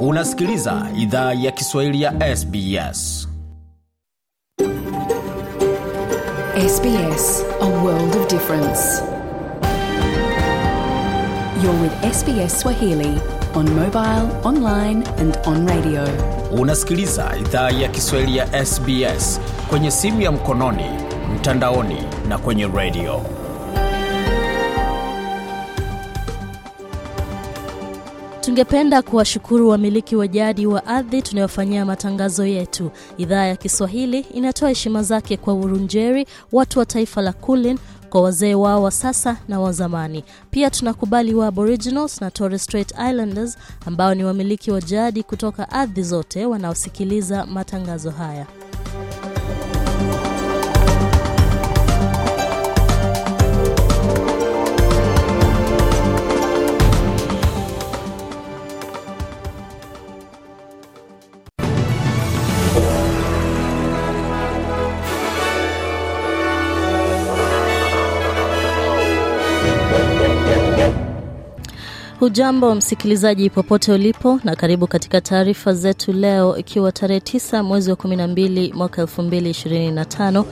Unasikiliza idhaa ya Kiswahili ya SBS. SBS, a world of difference. You're with SBS Swahili on mobile, online and on radio. Unasikiliza idhaa ya Kiswahili ya SBS kwenye simu ya mkononi, mtandaoni na kwenye radio. Tungependa kuwashukuru wamiliki wa jadi wa ardhi tunayofanyia matangazo yetu. Idhaa ya Kiswahili inatoa heshima zake kwa Urunjeri, watu wa taifa la Kulin, kwa wazee wao wa sasa na wa zamani. Pia tunakubali wa Aboriginals na Torres Strait Islanders ambao ni wamiliki wa jadi kutoka ardhi zote wanaosikiliza matangazo haya. Hujambo msikilizaji popote ulipo na karibu katika taarifa zetu leo ikiwa tarehe 9 mwezi wa 12 mwaka 2025.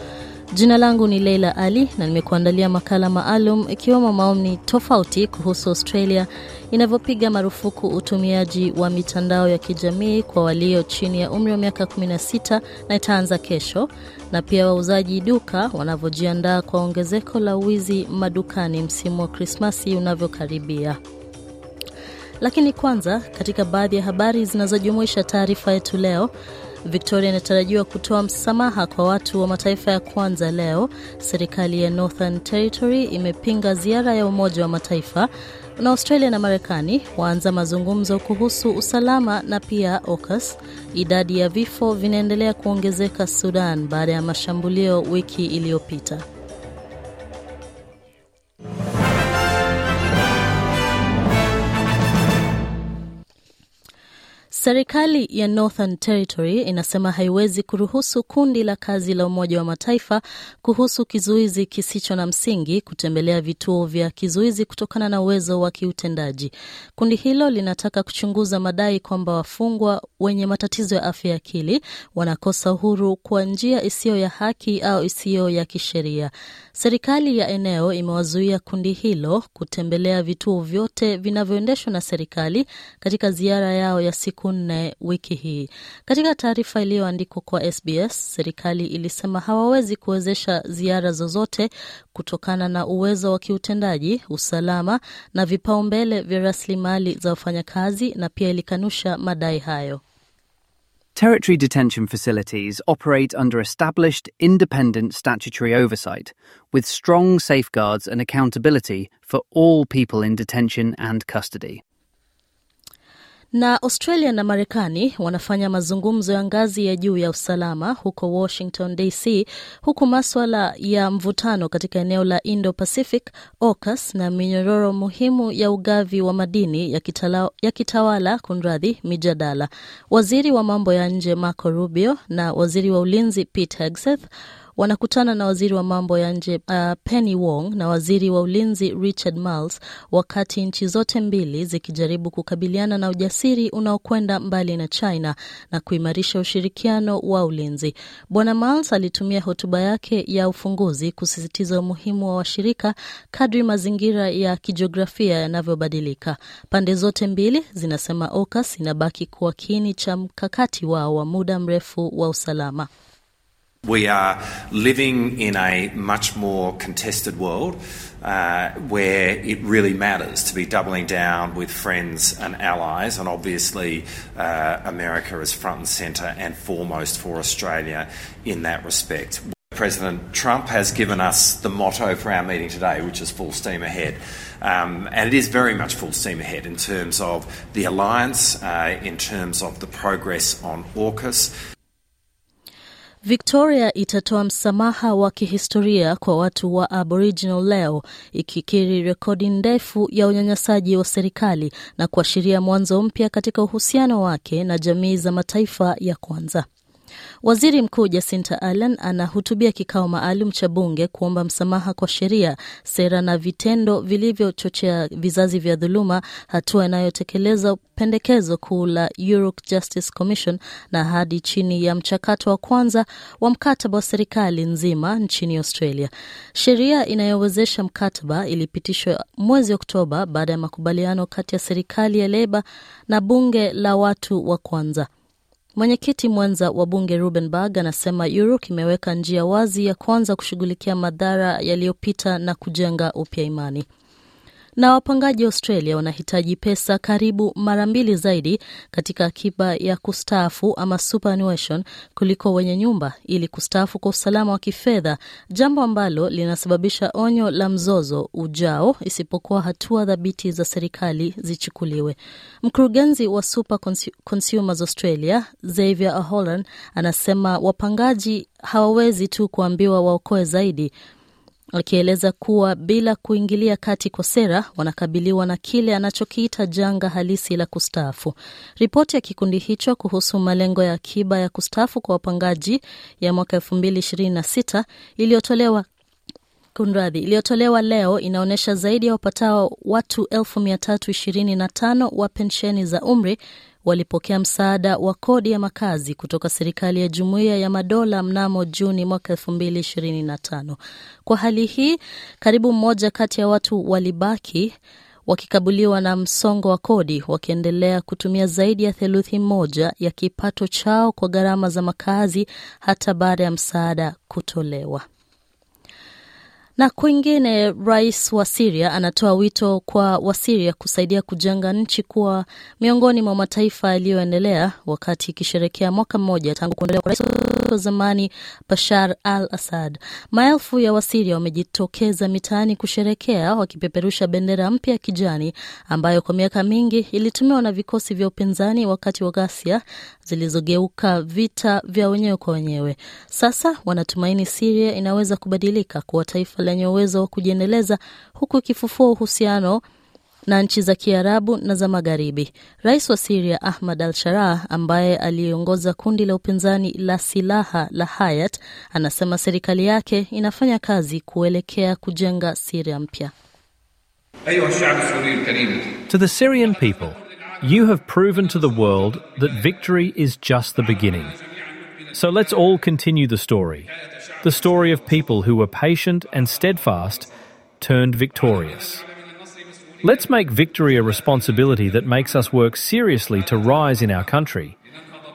Jina langu ni Leila Ali na nimekuandalia makala maalum ikiwemo maoni tofauti kuhusu Australia inavyopiga marufuku utumiaji wa mitandao ya kijamii kwa walio chini ya umri wa miaka 16 na itaanza kesho, na pia wauzaji duka wanavyojiandaa kwa ongezeko la wizi madukani msimu wa Krismasi unavyokaribia. Lakini kwanza, katika baadhi ya habari zinazojumuisha taarifa yetu leo, Victoria inatarajiwa kutoa msamaha kwa watu wa mataifa ya kwanza leo. Serikali ya Northern Territory imepinga ziara ya Umoja wa Mataifa na Australia na Marekani waanza mazungumzo kuhusu usalama na pia AUKUS. Idadi ya vifo vinaendelea kuongezeka Sudan baada ya mashambulio wiki iliyopita. Serikali ya Northern Territory inasema haiwezi kuruhusu kundi la kazi la Umoja wa Mataifa kuhusu kizuizi kisicho na msingi kutembelea vituo vya kizuizi kutokana na uwezo wa kiutendaji. Kundi hilo linataka kuchunguza madai kwamba wafungwa wenye matatizo ya afya ya akili wanakosa uhuru kwa njia isiyo ya haki au isiyo ya kisheria. Serikali ya eneo imewazuia kundi hilo kutembelea vituo vyote vinavyoendeshwa na serikali katika ziara yao ya siku nne wiki hii. Katika taarifa iliyoandikwa kwa SBS, serikali ilisema hawawezi kuwezesha ziara zozote kutokana na uwezo wa kiutendaji, usalama na vipaumbele vya rasilimali za wafanyakazi, na pia ilikanusha madai hayo. Territory detention facilities operate under established independent statutory oversight, with strong safeguards and accountability for all people in detention and custody. Na Australia na Marekani wanafanya mazungumzo ya ngazi ya juu ya usalama huko Washington DC, huku maswala ya mvutano katika eneo la Indo-Pacific, AUKUS na minyororo muhimu ya ugavi wa madini ya yakitawala kunradhi mijadala. Waziri wa mambo ya nje Marco Rubio na waziri wa ulinzi Pete Hegseth wanakutana na waziri wa mambo ya nje uh, Penny Wong na waziri wa ulinzi Richard Marles, wakati nchi zote mbili zikijaribu kukabiliana na ujasiri unaokwenda mbali na China na kuimarisha ushirikiano wa ulinzi. Bwana Marles alitumia hotuba yake ya ufunguzi kusisitiza umuhimu wa washirika kadri mazingira ya kijiografia yanavyobadilika. Pande zote mbili zinasema AUKUS inabaki kuwa kiini cha mkakati wao wa muda mrefu wa usalama. We are living in a much more contested world uh, where it really matters to be doubling down with friends and allies, and obviously uh, America is front and centre and foremost for Australia in that respect. President Trump has given us the motto for our meeting today, which is full steam ahead. Um, and it is very much full steam ahead in terms of the alliance, uh, in terms of the progress on AUKUS, Victoria itatoa msamaha wa kihistoria kwa watu wa Aboriginal leo ikikiri rekodi ndefu ya unyanyasaji wa serikali na kuashiria mwanzo mpya katika uhusiano wake na jamii za mataifa ya kwanza. Waziri Mkuu Jacinta Allan anahutubia kikao maalum cha bunge kuomba msamaha kwa sheria, sera na vitendo vilivyochochea vizazi vya dhuluma, hatua inayotekeleza pendekezo kuu la Europe Justice Commission na hadi chini ya mchakato wa kwanza wa mkataba wa serikali nzima nchini Australia. Sheria inayowezesha mkataba ilipitishwa mwezi Oktoba baada ya makubaliano kati ya serikali ya Leba na bunge la watu wa kwanza. Mwenyekiti Mwenza wa bunge Ruben Bag anasema uruk imeweka njia wazi ya kuanza kushughulikia madhara yaliyopita na kujenga upya imani na wapangaji Australia wanahitaji pesa karibu mara mbili zaidi katika akiba ya kustaafu ama superannuation kuliko wenye nyumba ili kustaafu kwa usalama wa kifedha, jambo ambalo linasababisha onyo la mzozo ujao isipokuwa hatua dhabiti za serikali zichukuliwe. Mkurugenzi wa Super Consumers Australia Xavier Aholan anasema wapangaji hawawezi tu kuambiwa waokoe zaidi, akieleza kuwa bila kuingilia kati kwa sera wanakabiliwa na kile anachokiita janga halisi la kustaafu. Ripoti ya kikundi hicho kuhusu malengo ya akiba ya kustaafu kwa wapangaji ya mwaka 2026 iliyotolewa kunradhi, iliyotolewa leo inaonyesha zaidi ya wapatao watu 325 wa pensheni za umri walipokea msaada wa kodi ya makazi kutoka serikali ya Jumuiya ya Madola mnamo Juni mwaka 225 Kwa hali hii, karibu mmoja kati ya watu walibaki wakikabuliwa na msongo wa kodi, wakiendelea kutumia zaidi ya theluthi moja ya kipato chao kwa gharama za makazi hata baada ya msaada kutolewa. Na kwingine, rais wa Siria anatoa wito kwa Wasiria kusaidia kujenga nchi kuwa miongoni mwa mataifa yaliyoendelea wakati ikisherekea mwaka mmoja tangu kuondolewa kwa rais wa zamani Bashar al Assad. Maelfu ya Wasiria wamejitokeza mitaani kusherekea wakipeperusha bendera mpya ya kijani ambayo kwa miaka mingi ilitumiwa na vikosi vya upinzani wakati wa ghasia zilizogeuka vita vya wenyewe kwa wenyewe. Sasa wanatumaini Siria inaweza kubadilika kuwa taifa lenye uwezo wa kujiendeleza huku ikifufua uhusiano na nchi za Kiarabu na za Magharibi. Rais wa Siria Ahmad al sharah ambaye aliongoza kundi la upinzani la silaha la Hayat, anasema serikali yake inafanya kazi kuelekea kujenga Siria mpya. To the Syrian people, you have proven to the world that victory is just the beginning. So let's all continue the story the story of people who were patient and steadfast, turned victorious. Let's make victory a responsibility that makes us work seriously to rise in our country,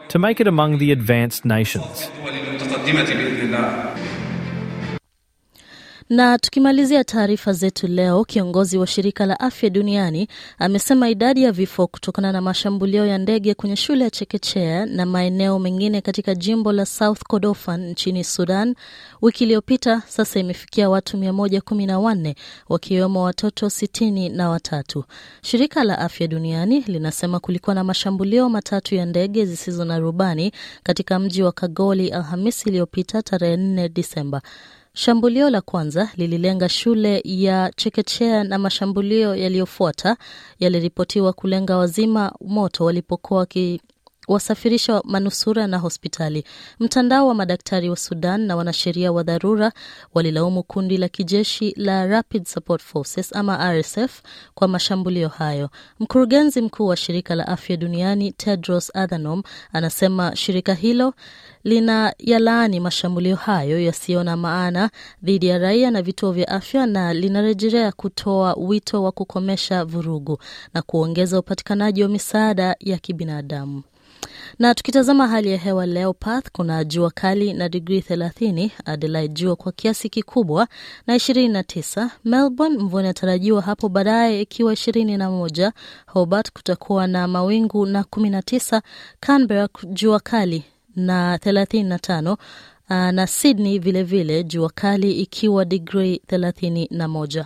to make it among the advanced nations. Na tukimalizia taarifa zetu leo, kiongozi wa shirika la afya duniani amesema idadi ya vifo kutokana na mashambulio ya ndege kwenye shule ya chekechea na maeneo mengine katika jimbo la South Kordofan nchini Sudan wiki iliyopita sasa imefikia watu 114 wakiwemo watoto sitini na watatu. Shirika la afya duniani linasema kulikuwa na mashambulio matatu ya ndege zisizo na rubani katika mji wa Kagoli Alhamisi iliyopita tarehe 4 Disemba. Shambulio la kwanza lililenga shule ya chekechea na mashambulio yaliyofuata yaliripotiwa kulenga wazima moto walipokuwa wasafirisha manusura na hospitali. Mtandao wa madaktari wa Sudan na wanasheria wa dharura walilaumu kundi la kijeshi la Rapid Support Forces ama RSF kwa mashambulio hayo. Mkurugenzi mkuu wa shirika la afya duniani Tedros Adhanom anasema shirika hilo lina yalaani mashambulio hayo yasiyo na maana dhidi ya raia na vituo vya afya na linarejelea kutoa wito wa kukomesha vurugu na kuongeza upatikanaji wa misaada ya kibinadamu. Na tukitazama hali ya hewa leo Perth, kuna jua kali na digrii 30, Adelaide jua kwa kiasi kikubwa na 29, Melbourne mvua inatarajiwa hapo baadaye ikiwa 21, Hobart kutakuwa na mawingu na 19, Canberra jua kali na 35 ah, na Sydney vilevile jua kali ikiwa digrii 31.